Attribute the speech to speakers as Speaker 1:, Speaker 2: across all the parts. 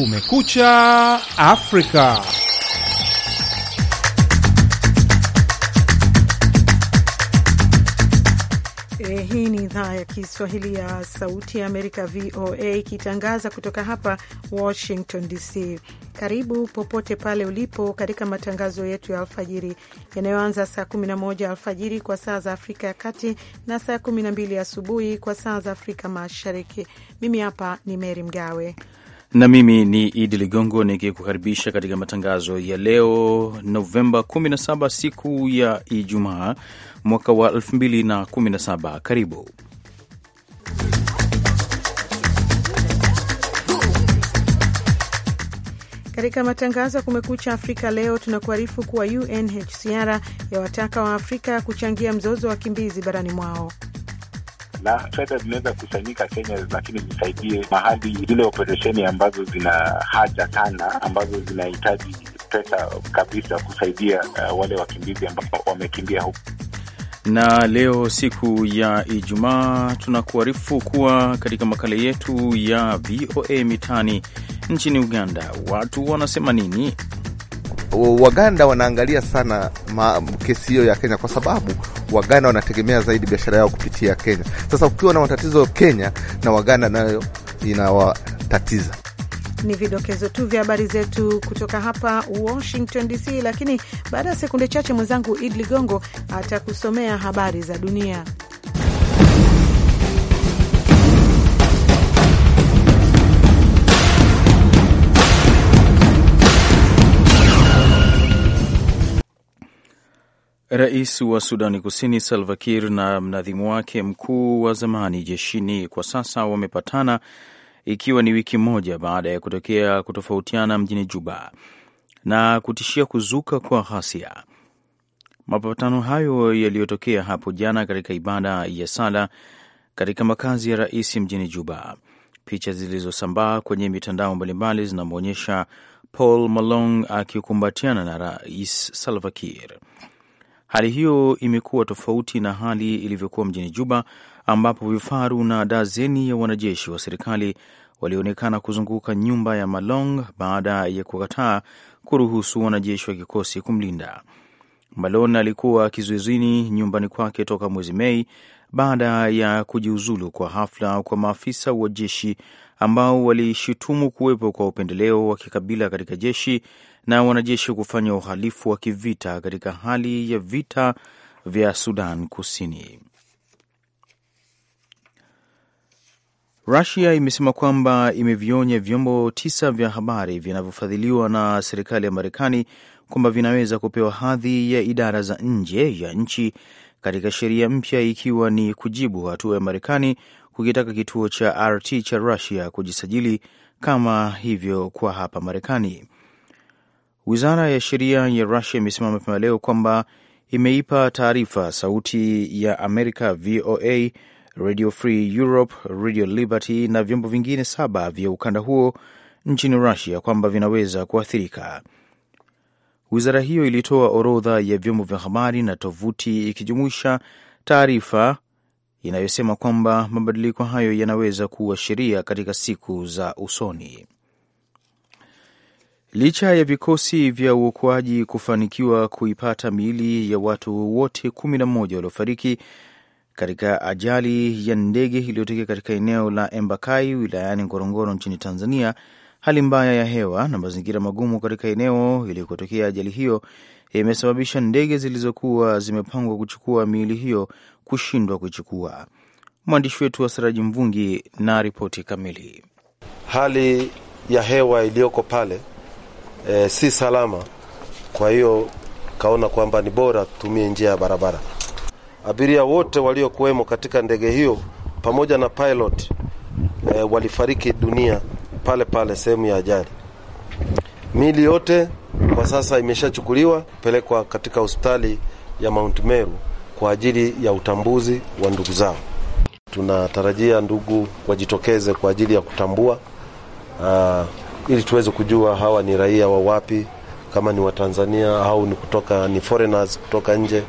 Speaker 1: Kumekucha Afrika.
Speaker 2: Eh, hii ni idhaa ya Kiswahili ya Sauti ya Amerika, VOA, ikitangaza kutoka hapa Washington DC. Karibu popote pale ulipo katika matangazo yetu ya alfajiri yanayoanza saa 11 alfajiri kwa saa za Afrika ya Kati na saa 12 asubuhi kwa saa za Afrika Mashariki. Mimi hapa ni mery Mgawe
Speaker 3: na mimi ni Idi Ligongo nikikukaribisha katika matangazo ya leo Novemba 17 siku ya Ijumaa mwaka wa 2017. Karibu
Speaker 2: Katika matangazo ya Kumekucha Afrika leo tunakuarifu kuwa UNHCR yawataka wa Afrika kuchangia mzozo wa wakimbizi barani mwao
Speaker 1: na fedha zinaweza kusanyika Kenya, lakini zisaidie mahali zile operesheni ambazo zina haja sana, ambazo zinahitaji pesa kabisa kusaidia uh, wale wakimbizi ambao wamekimbia huku
Speaker 3: na leo siku ya Ijumaa tunakuarifu kuwa katika makala yetu ya VOA Mitaani nchini Uganda, watu wanasema
Speaker 4: nini? Waganda wanaangalia sana ma, kesi hiyo ya Kenya kwa sababu Waganda wanategemea zaidi biashara yao kupitia Kenya. Sasa ukiwa na matatizo Kenya na Waganda, nayo inawatatiza.
Speaker 2: Ni vidokezo tu vya habari zetu kutoka hapa Washington DC, lakini baada ya sekunde chache mwenzangu Id Ligongo atakusomea habari za dunia.
Speaker 3: Rais wa Sudani Kusini Salva Kiir na mnadhimu wake mkuu wa zamani jeshini kwa sasa wamepatana, ikiwa ni wiki moja baada ya kutokea kutofautiana mjini Juba na kutishia kuzuka kwa ghasia. Mapatano hayo yaliyotokea hapo jana katika ibada ya sala katika makazi ya rais mjini Juba. Picha zilizosambaa kwenye mitandao mbalimbali zinamwonyesha Paul Malong akikumbatiana na rais Salva Kiir. Hali hiyo imekuwa tofauti na hali ilivyokuwa mjini Juba, ambapo vifaru na dazeni ya wanajeshi wa serikali walionekana kuzunguka nyumba ya Malong baada ya kukataa kuruhusu wanajeshi wa kikosi kumlinda. Malon alikuwa kizuizini nyumbani kwake toka mwezi Mei baada ya kujiuzulu kwa hafla kwa maafisa wa jeshi ambao walishutumu kuwepo kwa upendeleo wa kikabila katika jeshi na wanajeshi kufanya uhalifu wa kivita katika hali ya vita vya Sudan Kusini. Rusia imesema kwamba imevionya vyombo tisa vya habari vinavyofadhiliwa na serikali ya Marekani kwamba vinaweza kupewa hadhi ya idara za nje ya nchi katika sheria mpya, ikiwa ni kujibu hatua ya Marekani kukitaka kituo cha RT cha rusia kujisajili kama hivyo kwa hapa Marekani. Wizara ya sheria ya rusia imesema mapema leo kwamba imeipa taarifa Sauti ya Amerika, VOA, Radio Free Europe, Radio Liberty na vyombo vingine saba vya ukanda huo nchini Russia kwamba vinaweza kuathirika. Wizara hiyo ilitoa orodha ya vyombo vya habari na tovuti ikijumuisha taarifa inayosema kwamba mabadiliko hayo yanaweza kuwa sheria katika siku za usoni. Licha ya vikosi vya uokoaji kufanikiwa kuipata miili ya watu wote kumi na mmoja waliofariki katika ajali ya ndege iliyotokea katika eneo la Embakai wilayani Ngorongoro nchini Tanzania, hali mbaya ya hewa na mazingira magumu katika eneo ilikotokea ajali hiyo imesababisha ndege zilizokuwa zimepangwa kuchukua miili hiyo kushindwa kuichukua. Mwandishi wetu wa Saraji Mvungi na
Speaker 5: ripoti kamili. Hali ya hewa iliyoko pale e, si salama, kwa hiyo kaona kwamba ni bora tutumie njia ya barabara. Abiria wote waliokuwemo katika ndege hiyo pamoja na pilot e, walifariki dunia pale pale sehemu ya ajali. Mili yote kwa sasa imeshachukuliwa kupelekwa katika hospitali ya Mount Meru kwa ajili ya utambuzi wa ndugu zao. Tunatarajia ndugu wajitokeze kwa ajili ya kutambua uh, ili tuweze kujua hawa ni raia wa wapi, kama ni Watanzania au ni kutoka ni foreigners kutoka nje,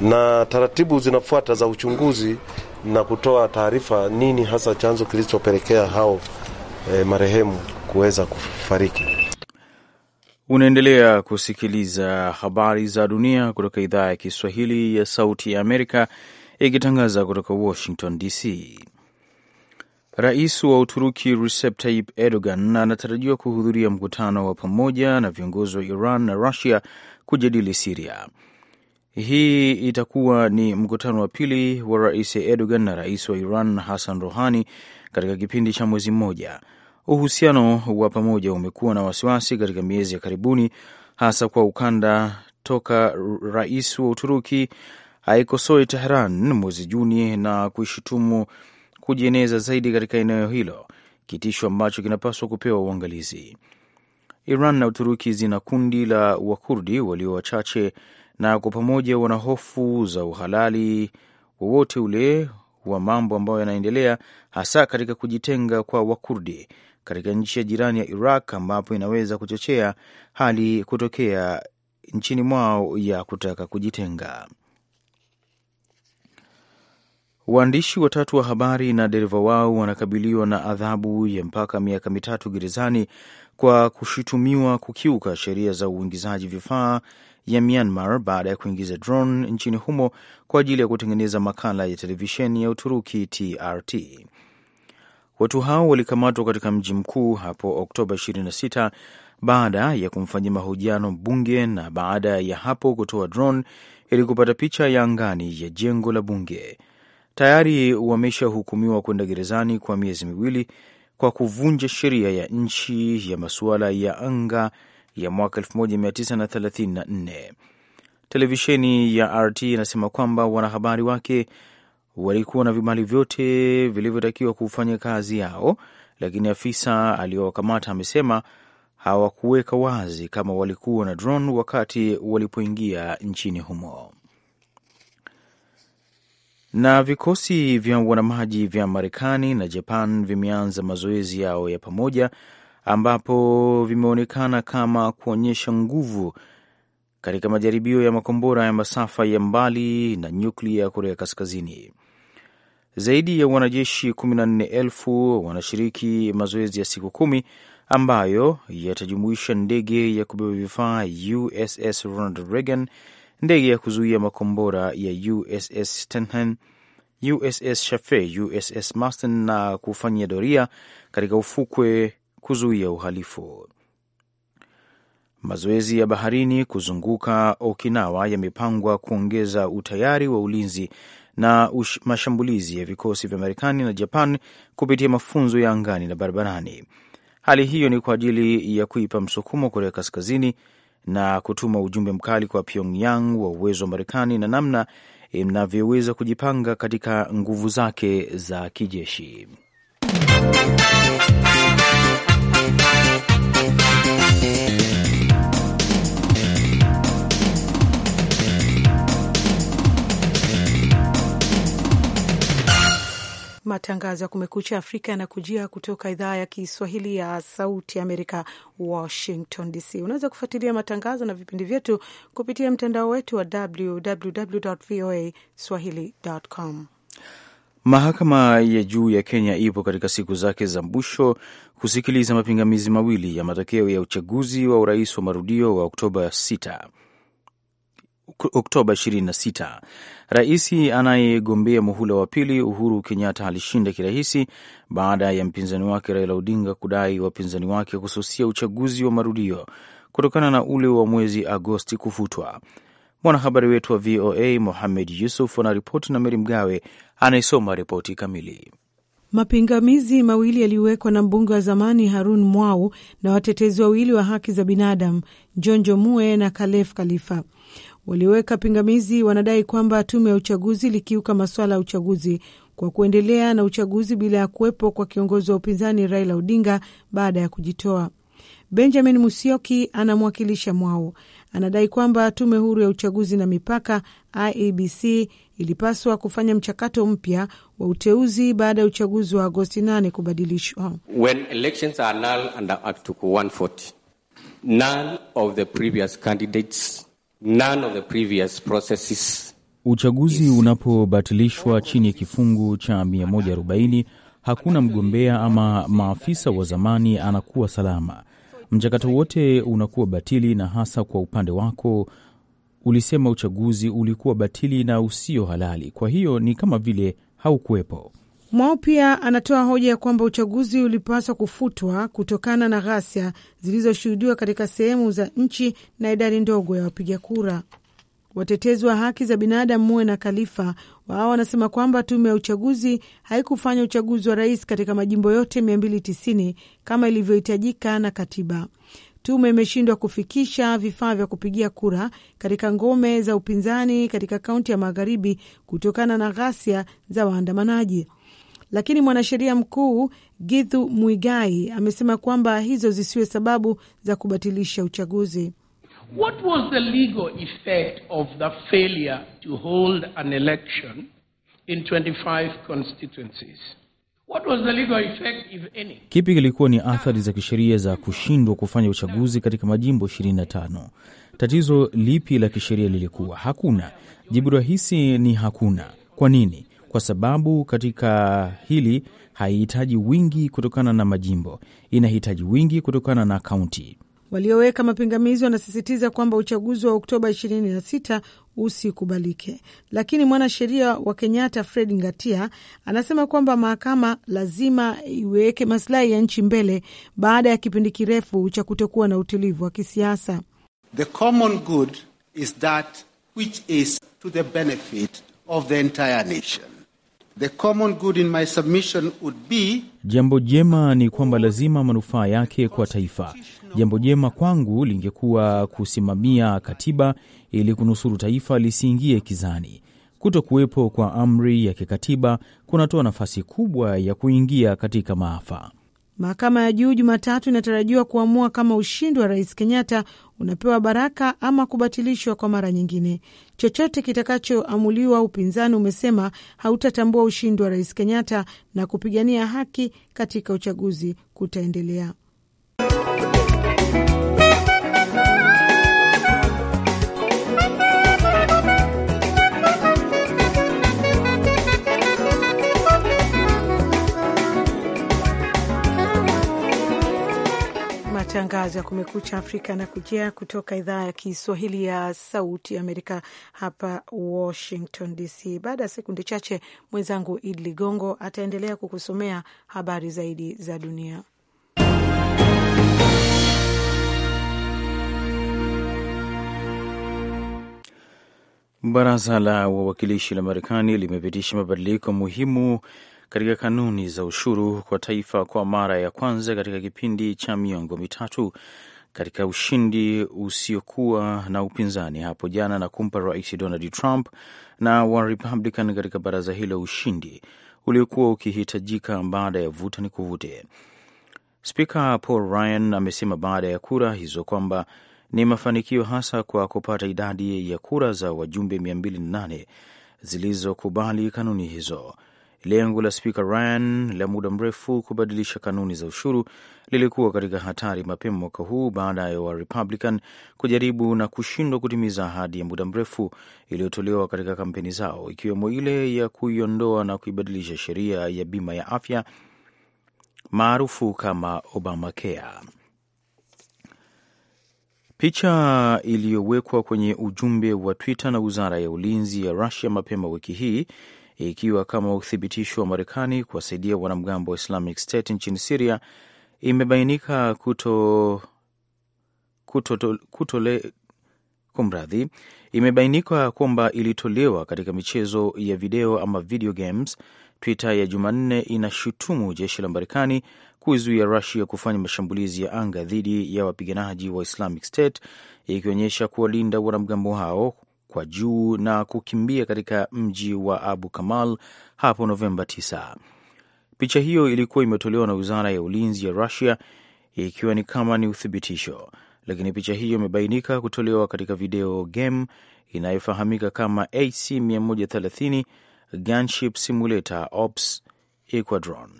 Speaker 5: na taratibu zinafuata za uchunguzi na kutoa taarifa, nini hasa chanzo kilichopelekea hao eh, marehemu kuweza kufariki.
Speaker 3: Unaendelea kusikiliza habari za dunia kutoka idhaa ya Kiswahili ya Sauti ya Amerika ikitangaza kutoka Washington DC. Rais wa Uturuki Recep Tayyip Erdogan anatarajiwa kuhudhuria mkutano wa pamoja na viongozi wa Iran na Rusia kujadili Siria. Hii itakuwa ni mkutano wa pili wa Rais Erdogan na rais wa Iran Hassan Rohani katika kipindi cha mwezi mmoja Uhusiano wa pamoja umekuwa na wasiwasi katika miezi ya karibuni, hasa kwa ukanda toka rais wa Uturuki aikosoi Tehran mwezi Juni na kuishutumu kujieneza zaidi katika eneo hilo, kitisho ambacho kinapaswa kupewa uangalizi. Iran na Uturuki zina kundi la Wakurdi walio wachache na kwa pamoja wana hofu za uhalali wowote ule wa mambo ambayo yanaendelea, hasa katika kujitenga kwa Wakurdi katika nchi ya jirani ya Iraq, ambapo inaweza kuchochea hali kutokea nchini mwao ya kutaka kujitenga. Waandishi watatu wa habari na dereva wao wanakabiliwa na adhabu ya mpaka miaka mitatu gerezani kwa kushutumiwa kukiuka sheria za uingizaji vifaa ya Myanmar baada ya kuingiza drone nchini humo kwa ajili ya kutengeneza makala ya televisheni ya Uturuki TRT. Watu hao walikamatwa katika mji mkuu hapo Oktoba 26 baada ya kumfanyia mahojiano bunge na baada ya hapo kutoa drone ili kupata picha ya angani ya jengo la bunge. Tayari wameshahukumiwa kwenda gerezani kwa miezi miwili kwa kuvunja sheria ya nchi ya masuala ya anga ya mwaka 1934. Televisheni ya RT inasema kwamba wanahabari wake walikuwa na vibali vyote vilivyotakiwa kufanya kazi yao, lakini afisa aliyowakamata amesema hawakuweka wazi kama walikuwa na drone wakati walipoingia nchini humo. Na vikosi vya wanamaji vya Marekani na Japan vimeanza mazoezi yao ya pamoja, ambapo vimeonekana kama kuonyesha nguvu katika majaribio ya makombora ya masafa ya mbali na nyuklia ya Korea Kaskazini. Zaidi ya wanajeshi 14,000 wanashiriki mazoezi ya siku kumi ambayo yatajumuisha ndege ya kubeba vifaa USS Ronald Reagan, ndege ya kuzuia makombora ya USS Stenham, USS Shafe, USS Marston na kufanyia doria katika ufukwe kuzuia uhalifu. Mazoezi ya baharini kuzunguka Okinawa yamepangwa kuongeza utayari wa ulinzi na mashambulizi ya vikosi vya Marekani na Japan kupitia mafunzo ya angani na barabarani. Hali hiyo ni kwa ajili ya kuipa msukumo Korea Kaskazini na kutuma ujumbe mkali kwa Pyongyang wa uwezo wa Marekani na namna inavyoweza kujipanga katika nguvu zake za kijeshi.
Speaker 2: Matangazo ya Kumekucha Afrika yanakujia kutoka idhaa ya Kiswahili ya Sauti Amerika, Washington DC. Unaweza kufuatilia matangazo na vipindi vyetu kupitia mtandao wetu wa www voa swahili.com.
Speaker 3: Mahakama ya juu ya Kenya ipo katika siku zake za mwisho kusikiliza mapingamizi mawili ya matokeo ya uchaguzi wa urais wa marudio wa Oktoba 6. Oktoba 26. Rais anayegombea muhula wa pili Uhuru Kenyatta alishinda kirahisi baada ya mpinzani wake Raila Odinga kudai wapinzani wake kususia uchaguzi wa marudio kutokana na ule wa mwezi Agosti kufutwa. Mwanahabari wetu wa VOA Mohamed Yusuf anaripoti na Meri Mgawe anayesoma ripoti kamili.
Speaker 2: Mapingamizi mawili yaliwekwa na mbunge wa zamani Harun Mwau na watetezi wawili wa haki za binadamu Jonjo Mue na Kalef Khalifa. Walioweka pingamizi wanadai kwamba tume ya uchaguzi ilikiuka masuala ya uchaguzi kwa kuendelea na uchaguzi bila ya kuwepo kwa kiongozi wa upinzani Raila Odinga baada ya kujitoa. Benjamin musioki anamwakilisha Mwao anadai kwamba tume huru ya uchaguzi na mipaka IEBC ilipaswa kufanya mchakato mpya wa uteuzi baada ya uchaguzi wa Agosti 8 kubadilishwa.
Speaker 1: When elections are null under Act 140, none of the previous candidates, none of the previous processes.
Speaker 3: Uchaguzi unapobatilishwa chini ya kifungu cha 140, hakuna mgombea ama maafisa wa zamani anakuwa salama mchakato wote unakuwa batili, na hasa kwa upande wako ulisema uchaguzi ulikuwa batili na usio halali, kwa hiyo ni kama vile haukuwepo.
Speaker 2: Mwao pia anatoa hoja ya kwamba uchaguzi ulipaswa kufutwa kutokana na ghasia zilizoshuhudiwa katika sehemu za nchi na idadi ndogo ya wapiga kura. Watetezi wa haki za binadamu muwe na Khalifa wao wanasema kwamba tume ya uchaguzi haikufanya uchaguzi wa rais katika majimbo yote 290 kama ilivyohitajika na katiba. Tume imeshindwa kufikisha vifaa vya kupigia kura katika ngome za upinzani katika kaunti ya magharibi kutokana na ghasia za waandamanaji. Lakini mwanasheria mkuu Githu Mwigai amesema kwamba hizo zisiwe sababu za kubatilisha uchaguzi.
Speaker 1: What was the legal effect of the failure to hold an election in 25 constituencies? What was the legal effect, if any?
Speaker 3: Kipi kilikuwa ni athari za kisheria za kushindwa kufanya uchaguzi katika majimbo 25? Tatizo lipi la kisheria lilikuwa? Hakuna. Jibu rahisi ni hakuna. Kwa nini? Kwa sababu katika hili haihitaji wingi kutokana na majimbo, inahitaji wingi kutokana na kaunti.
Speaker 2: Walioweka mapingamizi wanasisitiza kwamba uchaguzi wa Oktoba 26 usikubalike, lakini mwanasheria wa Kenyatta Fred Ngatia anasema kwamba mahakama lazima iweke masilahi ya nchi mbele baada ya kipindi kirefu cha kutokuwa na utulivu wa kisiasa.
Speaker 4: The common good is that which is to the benefit of the entire nation. The common good in my submission would be...
Speaker 3: Jambo jema ni kwamba lazima manufaa yake kwa taifa Jambo jema kwangu lingekuwa kusimamia katiba ili kunusuru taifa lisiingie kizani. kuto kuwepo kwa amri ya kikatiba kunatoa nafasi kubwa ya kuingia katika maafa.
Speaker 2: Mahakama ya Juu Jumatatu inatarajiwa kuamua kama ushindi wa Rais Kenyatta unapewa baraka ama kubatilishwa kwa mara nyingine. Chochote kitakachoamuliwa, upinzani umesema hautatambua ushindi wa Rais Kenyatta na kupigania haki katika uchaguzi kutaendelea. Matangazo ya Kumekucha Afrika na kujia kutoka idhaa ya Kiswahili ya Sauti Amerika hapa Washington DC. Baada ya sekunde chache, mwenzangu id Ligongo ataendelea kukusomea habari zaidi za dunia.
Speaker 3: Baraza la Wawakilishi la Marekani limepitisha mabadiliko muhimu katika kanuni za ushuru kwa taifa kwa mara ya kwanza katika kipindi cha miongo mitatu katika ushindi usiokuwa na upinzani hapo jana na kumpa Rais Donald Trump na wa Republican katika baraza hilo ushindi uliokuwa ukihitajika baada ya vuta ni kuvute. Spika Paul Ryan amesema baada ya kura hizo kwamba ni mafanikio hasa kwa kupata idadi ya kura za wajumbe 208 zilizokubali kanuni hizo. Lengo la spika Ryan la muda mrefu kubadilisha kanuni za ushuru lilikuwa katika hatari mapema mwaka huu baada ya Warepublican kujaribu na kushindwa kutimiza ahadi ya muda mrefu iliyotolewa katika kampeni zao, ikiwemo ile ya kuiondoa na kuibadilisha sheria ya bima ya afya maarufu kama Obamacare. Picha iliyowekwa kwenye ujumbe wa Twitter na wizara ya ulinzi ya Rusia mapema wiki hii ikiwa kama uthibitisho wa Marekani kuwasaidia wanamgambo wa Islamic State nchini Siria imebainika kuto, kuto, kutole, kumradhi, imebainika kwamba ilitolewa katika michezo ya video ama video games. Twitter ya Jumanne inashutumu jeshi la Marekani kuizuia Rusia kufanya mashambulizi ya anga dhidi ya wapiganaji wa Islamic State ikionyesha kuwalinda wanamgambo hao kwa juu na kukimbia katika mji wa Abu Kamal hapo Novemba 9. Picha hiyo ilikuwa imetolewa na wizara ya ulinzi ya Rusia ikiwa ni kama ni uthibitisho, lakini picha hiyo imebainika kutolewa katika video game inayofahamika kama AC 130 Gunship Simulator Ops Equadron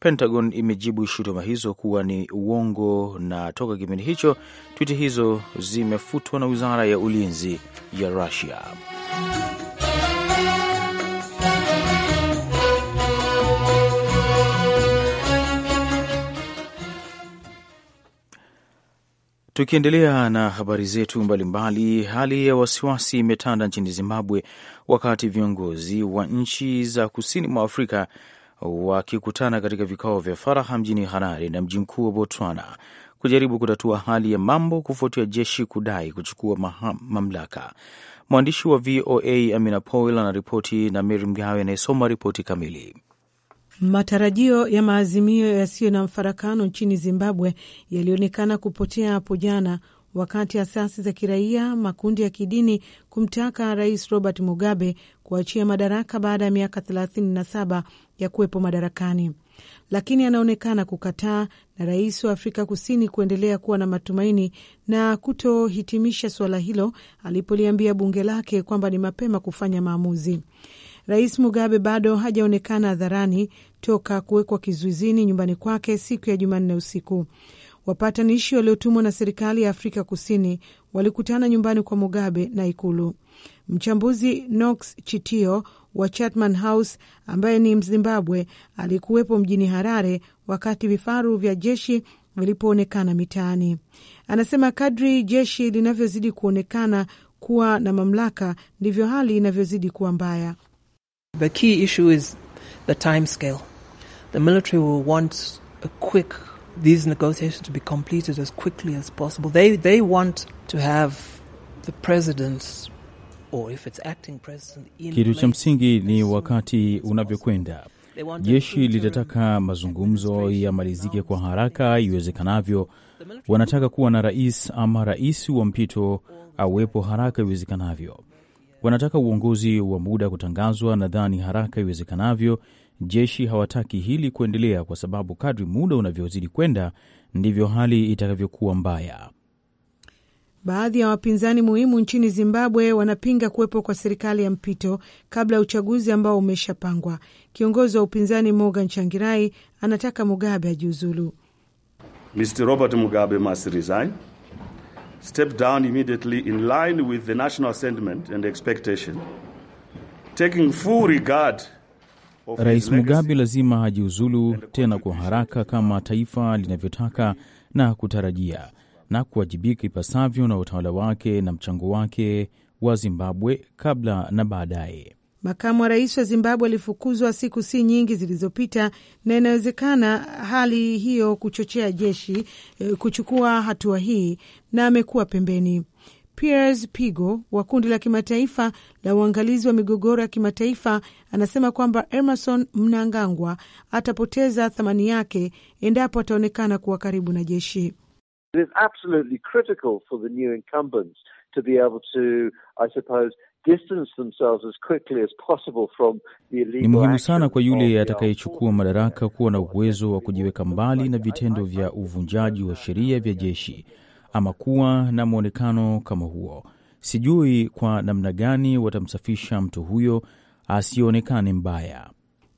Speaker 3: Pentagon imejibu shutuma hizo kuwa ni uongo, na toka kipindi hicho twiti hizo zimefutwa na wizara ya ulinzi ya Rusia. Tukiendelea na habari zetu mbalimbali, hali ya wasiwasi imetanda nchini Zimbabwe wakati viongozi wa nchi za kusini mwa Afrika wakikutana katika vikao vya faraha mjini Harare na mji mkuu wa Botswana kujaribu kutatua hali ya mambo kufuatia jeshi kudai kuchukua maham, mamlaka. Mwandishi wa VOA Amina Powell anaripoti na mery Mgawe anayesoma ripoti kamili.
Speaker 2: Matarajio ya maazimio yasiyo na mfarakano nchini Zimbabwe yalionekana kupotea hapo jana wakati asasi za kiraia, makundi ya kidini kumtaka Rais Robert Mugabe kuachia madaraka baada ya miaka 37 ya kuwepo madarakani, lakini anaonekana kukataa na rais wa Afrika Kusini kuendelea kuwa na matumaini na kutohitimisha suala hilo alipoliambia bunge lake kwamba ni mapema kufanya maamuzi. Rais Mugabe bado hajaonekana hadharani toka kuwekwa kizuizini nyumbani kwake siku ya Jumanne usiku. Wapatanishi waliotumwa na serikali ya Afrika Kusini walikutana nyumbani kwa Mugabe na Ikulu. Mchambuzi Nox Chitio wa Chatham House ambaye ni Mzimbabwe alikuwepo mjini Harare wakati vifaru vya jeshi vilipoonekana mitaani. Anasema kadri jeshi linavyozidi kuonekana kuwa na mamlaka ndivyo hali inavyozidi kuwa mbaya.
Speaker 6: The key issue is the time scale. The military will want a quick these negotiations to be completed as quickly as possible. They, they want to have the kitu cha
Speaker 3: msingi ni wakati unavyokwenda, jeshi litataka mazungumzo yamalizike kwa haraka iwezekanavyo. Wanataka kuwa na rais ama rais wa mpito awepo haraka iwezekanavyo. Wanataka uongozi wa muda kutangazwa, nadhani haraka iwezekanavyo. Jeshi hawataki hili kuendelea, kwa sababu kadri muda unavyozidi kwenda ndivyo hali itakavyokuwa mbaya.
Speaker 2: Baadhi ya wapinzani muhimu nchini Zimbabwe wanapinga kuwepo kwa serikali ya mpito kabla ya uchaguzi ambao umeshapangwa. Kiongozi wa upinzani Morgan Changirai anataka Mugabe ajiuzulu.
Speaker 1: Mr Robert Mugabe must resign, step down immediately in line with the national sentiment and expectation, taking full regard Rais Mugabe
Speaker 3: lazima ajiuzulu, tena kwa haraka kama taifa linavyotaka na kutarajia na kuwajibika ipasavyo na utawala wake na mchango wake wa Zimbabwe kabla na baadaye.
Speaker 2: Makamu wa rais wa Zimbabwe alifukuzwa siku si nyingi zilizopita, na inawezekana hali hiyo kuchochea jeshi eh, kuchukua hatua hii, na amekuwa pembeni. Piers Pigo wa kundi la kimataifa la uangalizi wa migogoro ya kimataifa anasema kwamba Emerson Mnangagwa atapoteza thamani yake endapo ataonekana kuwa karibu na jeshi.
Speaker 4: It is absolutely critical for the new incumbents to be able to, I suppose, distance themselves as quickly as possible from the illegal. Ni muhimu sana kwa yule
Speaker 3: atakayechukua madaraka kuwa na uwezo wa kujiweka mbali na vitendo vya uvunjaji wa sheria vya jeshi ama kuwa na mwonekano kama huo. Sijui kwa namna gani watamsafisha mtu huyo asionekane mbaya.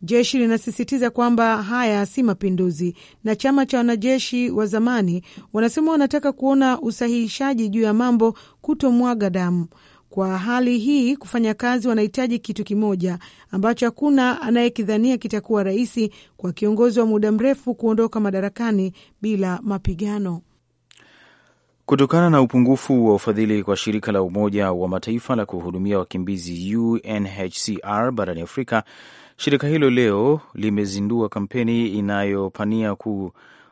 Speaker 2: Jeshi linasisitiza kwamba haya si mapinduzi, na chama cha wanajeshi wa zamani wanasema wanataka kuona usahihishaji juu ya mambo kutomwaga damu. Kwa hali hii kufanya kazi, wanahitaji kitu kimoja ambacho hakuna anayekidhania kitakuwa rahisi kwa kiongozi wa muda mrefu kuondoka madarakani bila mapigano.
Speaker 3: Kutokana na upungufu wa ufadhili kwa shirika la Umoja wa Mataifa la kuhudumia wakimbizi UNHCR barani Afrika, Shirika hilo leo limezindua kampeni inayopania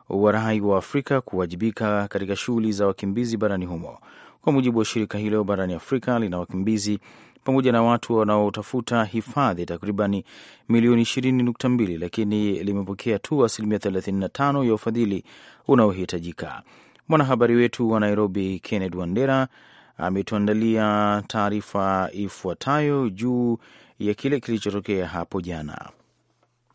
Speaker 3: kuwarai wa Afrika kuwajibika katika shughuli za wakimbizi barani humo. Kwa mujibu wa shirika hilo, barani Afrika lina wakimbizi pamoja na watu wanaotafuta hifadhi takribani milioni 20.2 lakini limepokea tu asilimia 35 ya ufadhili unaohitajika. Mwanahabari wetu wa Nairobi, Kenneth Wandera, ametuandalia taarifa ifuatayo juu ya kile kilichotokea hapo jana.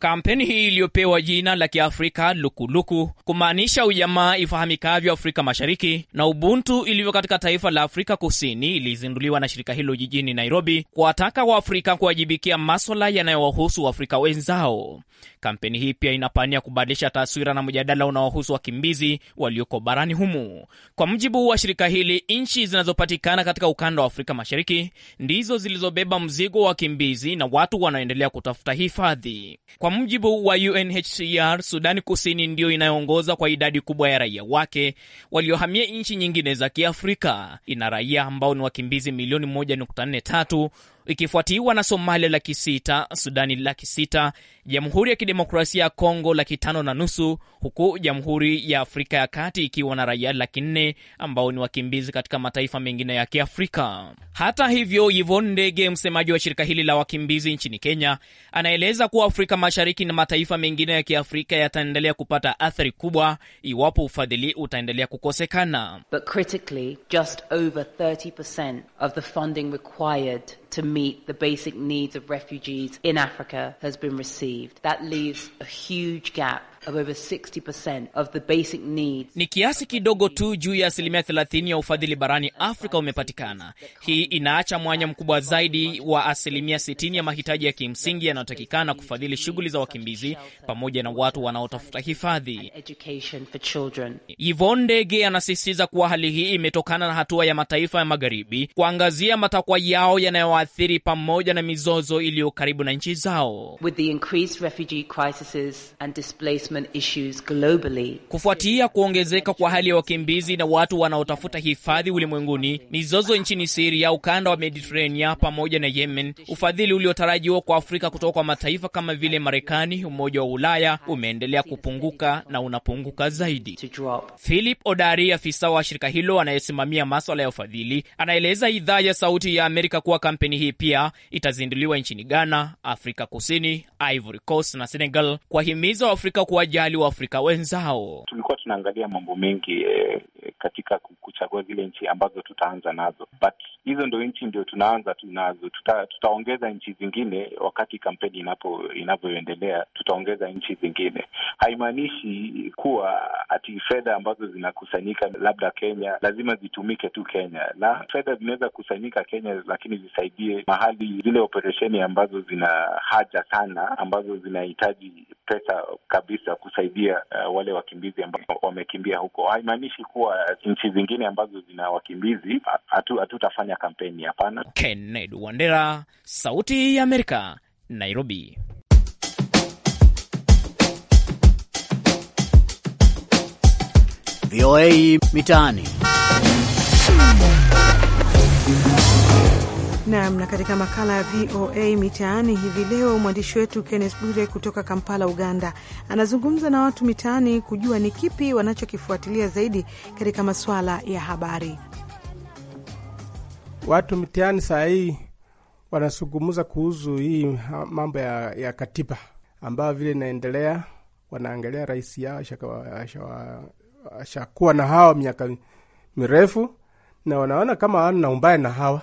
Speaker 7: Kampeni hii iliyopewa jina la Kiafrika Lukuluku kumaanisha ujamaa ifahamikavyo Afrika Mashariki na ubuntu ilivyo katika taifa la Afrika Kusini ilizinduliwa na shirika hilo jijini Nairobi kuwataka Waafrika kuwajibikia maswala yanayowahusu Waafrika wenzao. Kampeni hii pia inapania kubadilisha taswira na mjadala unaohusu wakimbizi walioko barani humu. Kwa mujibu wa shirika hili, nchi zinazopatikana katika ukanda wa Afrika Mashariki ndizo zilizobeba mzigo wa wakimbizi na watu wanaoendelea kutafuta hifadhi kwa kwa mujibu wa UNHCR, Sudani Kusini ndiyo inayoongoza kwa idadi kubwa ya raia wake waliohamia nchi nyingine za Kiafrika. Ina raia ambao ni wakimbizi milioni 1.43 ikifuatiwa na Somalia laki sita, Sudani laki sita, Jamhuri ya Kidemokrasia ya Kongo laki tano na nusu, huku Jamhuri ya Afrika ya Kati ikiwa na raia laki nne ambao ni wakimbizi katika mataifa mengine ya Kiafrika. Hata hivyo, Yvonne Ndege, msemaji wa shirika hili la wakimbizi nchini Kenya, anaeleza kuwa Afrika Mashariki na mataifa mengine ya Kiafrika yataendelea kupata athari kubwa iwapo ufadhili utaendelea kukosekana. But critically, just over 30% of the funding required to meet the basic needs of refugees in Africa has been received. That leaves a huge gap of over 60% of the basic needs. Ni kiasi kidogo tu juu ya asilimia 30 ya ufadhili barani Afrika umepatikana. Hii inaacha mwanya mkubwa zaidi wa asilimia 60 ya mahitaji ya kimsingi yanayotakikana kufadhili shughuli za wakimbizi pamoja na watu wanaotafuta hifadhi. Yvonne Ndege anasisitiza kuwa hali hii imetokana na hatua ya mataifa ya magharibi kuangazia matakwa yao yanayoathiri pamoja na mizozo iliyo karibu na nchi zao. With the increased refugee crises and displacement resettlement issues globally. Kufuatia kuongezeka kwa hali ya wakimbizi na watu wanaotafuta hifadhi ulimwenguni, mizozo nchini Siria, ukanda wa Mediterania pamoja na Yemen, ufadhili uliotarajiwa kwa Afrika kutoka kwa mataifa kama vile Marekani, Umoja wa Ulaya umeendelea kupunguka na unapunguka zaidi. Philip Odari, afisa wa shirika hilo anayesimamia maswala ya ufadhili, anaeleza idhaa ya Sauti ya Amerika kuwa kampeni hii pia itazinduliwa nchini Ghana, Afrika Kusini, Ivory Coast na Senegal, kuwahimiza Waafrika kuwa kuwajali Waafrika wenzao
Speaker 1: tunaangalia mambo mengi eh, eh katika kuchagua zile nchi ambazo tutaanza nazo, but hizo ndo nchi ndio tunaanza tu nazo. Tuta, tutaongeza nchi zingine wakati kampeni inapo inavyoendelea, tutaongeza nchi zingine. Haimaanishi kuwa ati fedha ambazo zinakusanyika labda Kenya lazima zitumike tu Kenya, na fedha zinaweza kusanyika Kenya, lakini zisaidie mahali zile operesheni ambazo zina haja sana, ambazo zinahitaji pesa kabisa kusaidia uh, wale wakimbizi ambao wamekimbia huko. Haimaanishi kuwa nchi zingine ambazo zina wakimbizi
Speaker 7: hatutafanya atu kampeni, hapana. Kennedy Wandera, Sauti ya Amerika, Nairobi. VOA Mitaani.
Speaker 2: Nam. Na katika makala ya VOA Mitaani hivi leo, mwandishi wetu Kennes Bure kutoka Kampala, Uganda, anazungumza na watu mitaani kujua ni kipi wanachokifuatilia zaidi katika masuala ya habari.
Speaker 1: Watu mitaani saa hii wanazungumza kuhusu hii mambo ya, ya katiba ambayo vile inaendelea. Wanaangalia rais yao ashakuwa na hawa miaka mirefu, na wanaona kama wana umbaye na hawa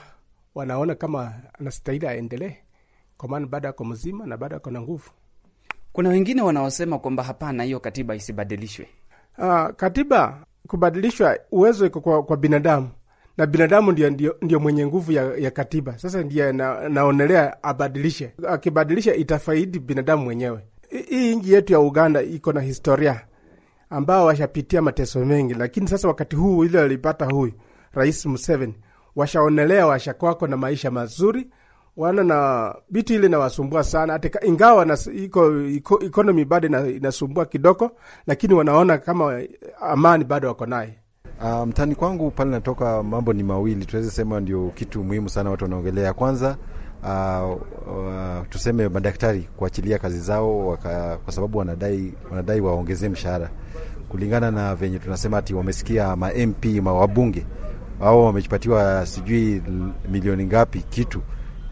Speaker 1: wanaona kama anastahili aendelee, kwa maana bado ako mzima na bado ako na nguvu. Kuna wengine wanaosema kwamba hapana, hiyo katiba isibadilishwe. Uh, katiba kubadilishwa uwezo iko kwa, kwa binadamu na binadamu ndio, ndio, ndio mwenye nguvu ya, ya katiba. Sasa ndiye na, naonelea abadilishe. Akibadilisha itafaidi binadamu mwenyewe. Hii nji yetu ya Uganda iko na historia ambao washapitia mateso mengi, lakini sasa wakati huu ile alipata huyu Rais Museveni washaonelea washakwako na maisha mazuri wana na vitu ile nawasumbua sana hata ingawa na, iko, iko, economy bado inasumbua kidogo,
Speaker 5: lakini wanaona kama eh, amani bado wako naye. Uh, mtani kwangu pale natoka mambo ni mawili, tuweze sema ndio kitu muhimu sana watu wanaongelea. Kwanza uh, uh, tuseme madaktari kuachilia kazi zao waka, kwa sababu wanadai, wanadai waongezee mshahara kulingana na venye tunasema ati wamesikia ma MP ma wabunge au wamepatiwa sijui milioni ngapi kitu,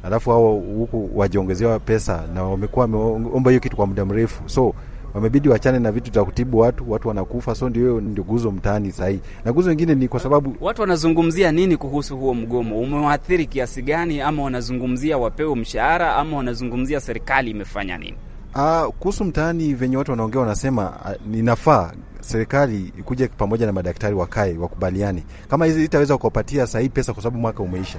Speaker 5: alafu hao huku wajiongezewa pesa na wamekuwa wameomba hiyo kitu kwa muda mrefu, so wamebidi wachane na vitu vya kutibu watu, watu wanakufa. So ndio ndio guzo mtaani sahii, na guzo ingine ni kwa sababu
Speaker 6: watu wanazungumzia nini kuhusu huo mgomo, umewaathiri kiasi gani? Ama wanazungumzia wapewe mshahara, ama wanazungumzia serikali imefanya nini?
Speaker 5: Uh, kuhusu mtaani venye watu wanaongea wanasema, uh, ninafaa serikali ikuje pamoja na madaktari wakae wakubaliane, kama hizi itaweza kuwapatia sahii pesa kwa sababu mwaka umeisha,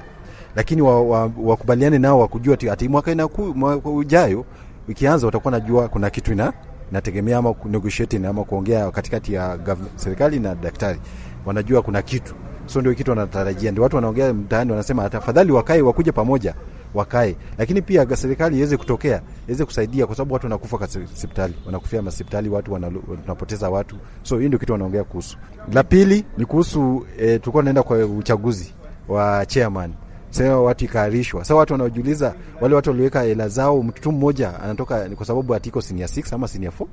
Speaker 5: lakini wakubaliane wa, wa nao wakujua ati mwaka inaku, mwaka ujayo ikianza watakuwa najua kuna kitu ina nategemea ama negotiate ama kuongea katikati ya serikali na daktari, wanajua kuna kitu, so ndio kitu wanatarajia, ndio watu wanaongea mtaani wanasema, tafadhali wakae wakuja pamoja wakae, lakini pia serikali iweze kutokea, iweze kusaidia, kwa sababu watu wanakufa kwa hospitali, wanakufia hospitali, watu wanapoteza watu. So hii ndio kitu wanaongea kuhusu. La pili ni kuhusu e, tulikuwa tunaenda kwa uchaguzi wa chairman sema watu ikaarishwa. Sasa watu wanaojiuliza, wale watu waliweka hela zao, mtu mmoja anatoka kwa sababu atiko senior 6 ama senior 4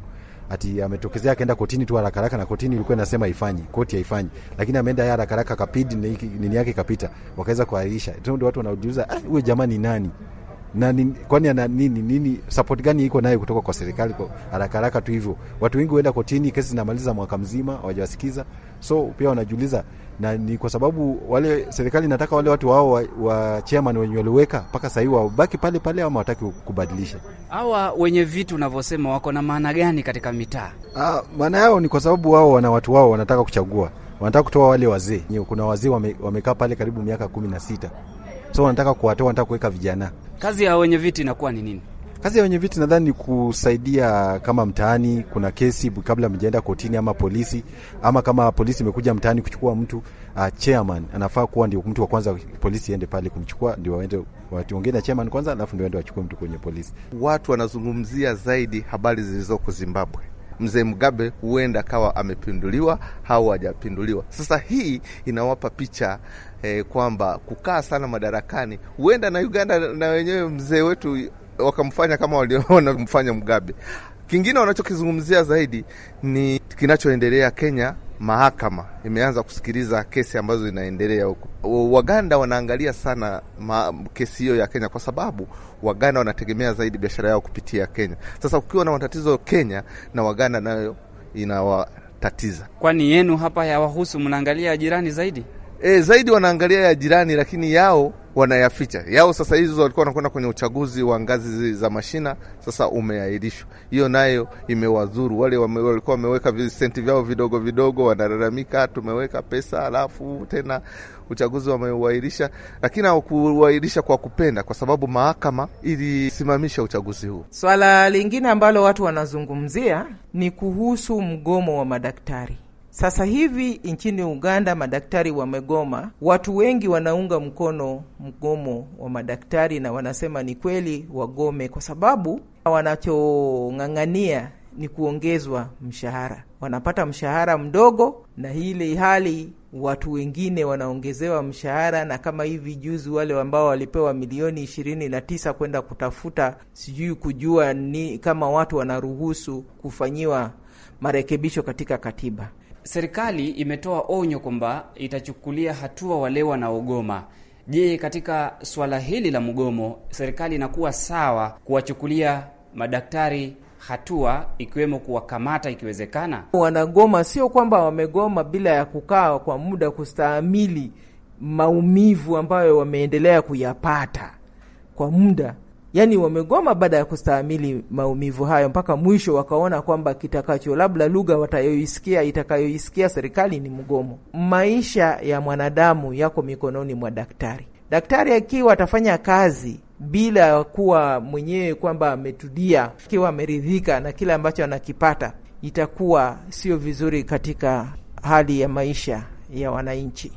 Speaker 5: ati ametokezea akaenda kotini tu haraka haraka, na kotini ilikuwa inasema ifanye, koti haifanyi, lakini ameenda yeye haraka haraka, kapidi nini yake kapita, wakaweza kuahirisha. Ndio watu wanajiuliza, ah, huyo jamaa ni nani? na nin, kwani ana nini nini, support gani iko naye kutoka kwa serikali? Kwa haraka haraka tu hivyo, watu wengi huenda kotini, kesi zinamaliza mwaka mzima hawajawasikiza, so pia wanajiuliza, na ni kwa sababu wale serikali inataka wale watu wao wa, wa chairman wenye waliweka mpaka sasa hivi wabaki pale pale, ama wataki kubadilisha.
Speaker 6: Hawa wenye vitu unavyosema wako na maana gani katika mitaa?
Speaker 5: Ah, maana yao ni kwa sababu wao wana watu wao wanataka kuchagua, wanataka kutoa wale wazee. Kuna wazee wamekaa wame pale karibu miaka kumi na sita so wanataka kuwatoa, wanataka kuweka vijana.
Speaker 6: Kazi ya wenye viti inakuwa ni nini?
Speaker 5: Kazi ya wenye viti nadhani ni kusaidia, kama mtaani kuna kesi kabla mjaenda kotini, ama polisi, ama kama polisi imekuja mtaani kuchukua mtu uh, chairman anafaa kuwa ndio mtu wa kwanza, polisi ende pale kumchukua, ndio waende watuongee na chairman kwanza, alafu ndio waende wachukue mtu kwenye polisi.
Speaker 4: Watu wanazungumzia zaidi habari zilizoko Zimbabwe mzee Mugabe huenda akawa amepinduliwa au hajapinduliwa. Sasa hii inawapa picha eh, kwamba kukaa sana madarakani huenda na Uganda na wenyewe mzee wetu wakamfanya kama walionamfanya Mugabe. Kingine wanachokizungumzia zaidi ni kinachoendelea Kenya mahakama imeanza kusikiliza kesi ambazo zinaendelea huko. Waganda wanaangalia sana ma, kesi hiyo ya Kenya kwa sababu Waganda wanategemea zaidi biashara yao kupitia Kenya. Sasa ukiwa na matatizo Kenya na Waganda nayo inawatatiza.
Speaker 6: Kwani yenu hapa yawahusu, mnaangalia jirani zaidi?
Speaker 4: e, zaidi wanaangalia ya jirani, lakini yao wanayaficha yao. Sasa hizo walikuwa wanakwenda kwenye uchaguzi wa ngazi za mashina, sasa umeahirishwa. Hiyo nayo imewadhuru wale wame, walikuwa wameweka visenti vyao vidogo vidogo, wanalalamika tumeweka pesa alafu tena uchaguzi wameuahirisha, lakini hawakuuahirisha kwa kupenda, kwa sababu mahakama ilisimamisha uchaguzi huu.
Speaker 6: Swala lingine ambalo watu wanazungumzia ni kuhusu mgomo wa madaktari. Sasa hivi nchini Uganda madaktari wamegoma. Watu wengi wanaunga mkono mgomo wa madaktari na wanasema ni kweli wagome, kwa sababu wanachong'ang'ania ni kuongezwa mshahara. Wanapata mshahara mdogo, na hili hali watu wengine wanaongezewa mshahara, na kama hivi juzi wale ambao walipewa milioni ishirini na tisa kwenda kutafuta sijui kujua ni kama watu wanaruhusu kufanyiwa marekebisho katika katiba serikali imetoa onyo kwamba itachukulia hatua wale wanaogoma. Je, katika suala hili la mgomo, serikali inakuwa sawa kuwachukulia madaktari hatua ikiwemo kuwakamata ikiwezekana? Wanagoma sio kwamba wamegoma bila ya kukaa kwa muda kustahimili maumivu ambayo wameendelea kuyapata kwa muda yani wamegoma baada ya kustahimili maumivu hayo mpaka mwisho, wakaona kwamba kitakacho labda lugha watayoisikia itakayoisikia serikali ni mgomo. Maisha ya mwanadamu yako mikononi mwa daktari. Daktari akiwa atafanya kazi bila kuwa mwenyewe kwamba ametudia, akiwa ameridhika na kile ambacho anakipata, itakuwa sio vizuri katika hali ya maisha ya wananchi.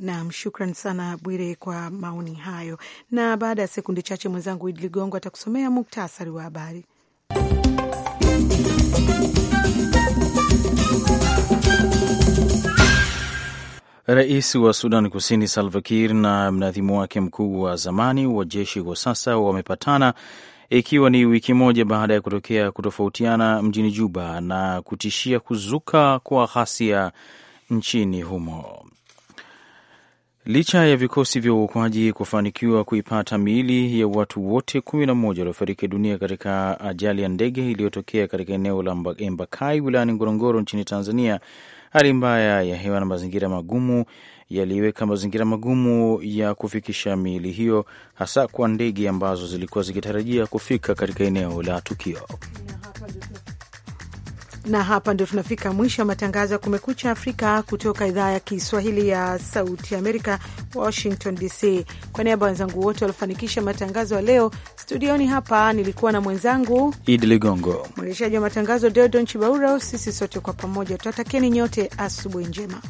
Speaker 2: Nam, shukran sana Bwire kwa maoni hayo. Na baada ya sekunde chache, mwenzangu Idi Ligongo atakusomea muktasari wa habari.
Speaker 3: Rais wa Sudan Kusini Salva Kiir na mnadhimu wake mkuu wa zamani wa jeshi kwa sasa wamepatana ikiwa ni wiki moja baada ya kutokea kutofautiana mjini Juba na kutishia kuzuka kwa ghasia nchini humo. Licha ya vikosi vya uokoaji kufanikiwa kuipata miili ya watu wote kumi na moja waliofariki dunia katika ajali ya ndege iliyotokea katika eneo la Embakai wilayani Ngorongoro nchini Tanzania, hali mbaya ya hewa na mazingira magumu yaliweka mazingira magumu ya kufikisha miili hiyo, hasa kwa ndege ambazo zilikuwa zikitarajia kufika katika eneo la tukio
Speaker 2: na hapa ndio tunafika mwisho wa matangazo ya Kumekucha Afrika kutoka idhaa ya Kiswahili ya Sauti ya Amerika, Washington DC. Kwa niaba ya wenzangu wote waliofanikisha matangazo ya leo, studioni hapa nilikuwa na mwenzangu
Speaker 3: Idi Ligongo,
Speaker 2: mwendeshaji wa matangazo Deodon Chibaura. Sisi sote kwa pamoja tunatakieni nyote asubuhi njema.